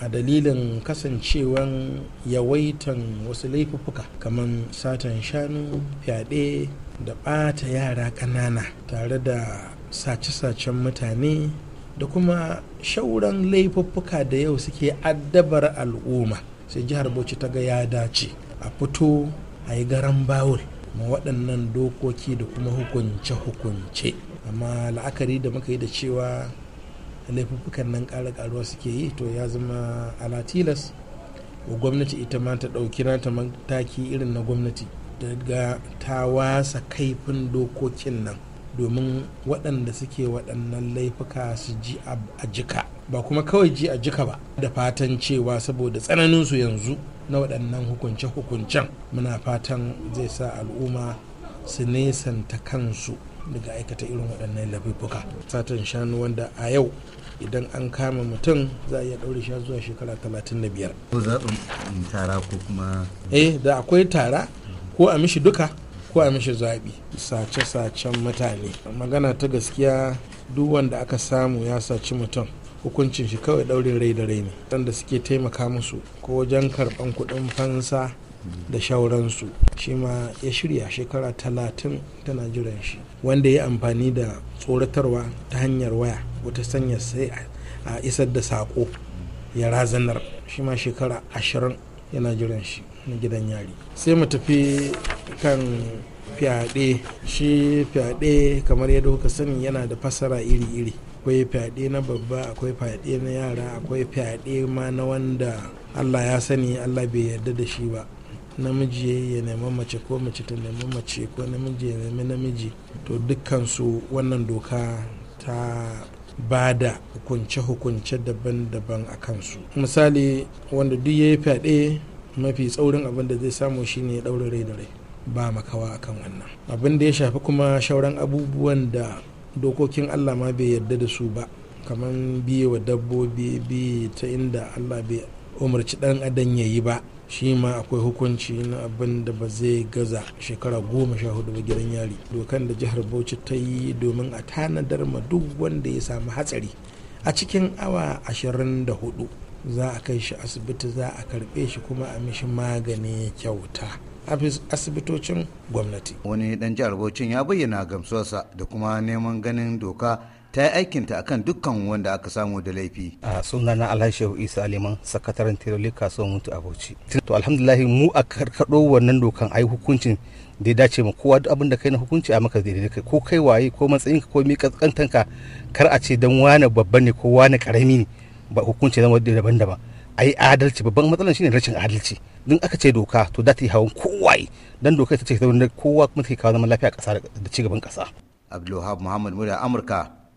a dalilin kasancewan yawaitan wasu laifuffuka kamar satan shanu fyaɗe da ɓata yara ƙanana tare da sace-sacen mutane da kuma shauran laifuffuka da yau suke addabar al'umma sai jihar bauchi ta ga ya dace a fito a yi garan bawul ma waɗannan dokoki da kuma hukunce-hukunce amma la'akari da muka yi da cewa laifuffukan nan ƙara ƙaruwa suke yi to ya zama ala tilas wa gwamnati ita ma ta ɗauki nata mataki irin na gwamnati daga ta wasa kaifin dokokin nan domin waɗanda suke waɗannan laifuka su ji a jika ba kuma kawai ji a jika ba da fatan cewa saboda tsananin su yanzu na waɗannan hukunce-hukuncen muna fatan zai sa al'umma su nesanta kansu daga aikata irin waɗannan lafifuka satan shanu wanda a yau idan an kama mutum za a iya ɗaure shi zuwa shekara 35 tara ko kuma eh da akwai tara ko a mishi duka ko a mishi zaɓi sace-sacen mutane magana ta gaskiya duk wanda aka samu ya saci mutum hukuncin shi kawai ɗaurin rai da rai ne wanda suke taimaka musu ko wajen karɓan kuɗin fansa da shauransu shi ma ya shirya shekara talatin tana jiran shi wanda ya amfani da tsoratarwa ta hanyar waya wata sanya sai a isar da sako ya razanar shi ma shekara ashirin yana jiran shi na gidan yari sai mu tafi kan fyaɗe shi fyaɗe kamar yadda kuka sani yana da fasara iri-iri akwai fyaɗe na babba akwai fyaɗe na yara akwai fyaɗe ma na wanda allah ya sani allah bai yarda da shi ba namiji ya nemi mace ko mace ta nemi mace ko namiji ya nemi namiji to dukkansu wannan doka ta ba da hukunce-hukunce daban-daban a kansu misali wanda duk ya yi fyaɗe mafi tsaurin abin da zai samu shine ɗaure rai da rai ba makawa a kan wannan abin da ya shafi kuma shauran abubuwan da dokokin allah ma bai yarda da su ba kamar biye wa dabbobi biye ta inda allah bai umarci ɗan adam ya yi ba shi ma akwai hukunci na abin da ba zai gaza shekara goma sha hudu ba gidan yari dokan da jihar bauchi ta yi domin a tanadar ma duk wanda ya samu hatsari a cikin awa ashirin da hudu za a kai shi asibiti za a karbe shi kuma a mishi magani kyauta asibitocin gwamnati wani dan jihar bauchin ya bayyana gamsuwarsa da kuma neman ganin doka ta yi aikinta akan dukkan wanda aka samu da laifi. a sunana alhaji isa aliman sakataren tiroli kasuwar mutu a bauchi to alhamdulahi mu a karkaɗo wannan dokan a yi hukuncin da ya dace ma kowa duk abin da kai na hukunci a maka daidai kai ko kai waye ko ka ko mi ka kar a ce dan wani babban ne ko wani karami ne ba hukunci zama daban-daban a yi adalci babban matsalar shine rashin adalci don aka ce doka to za ta yi hawan kowa dan doka ta ce ta kowa kuma ta kawo zaman lafiya kasa da cigaban kasa abdulwahab muhammad murya amurka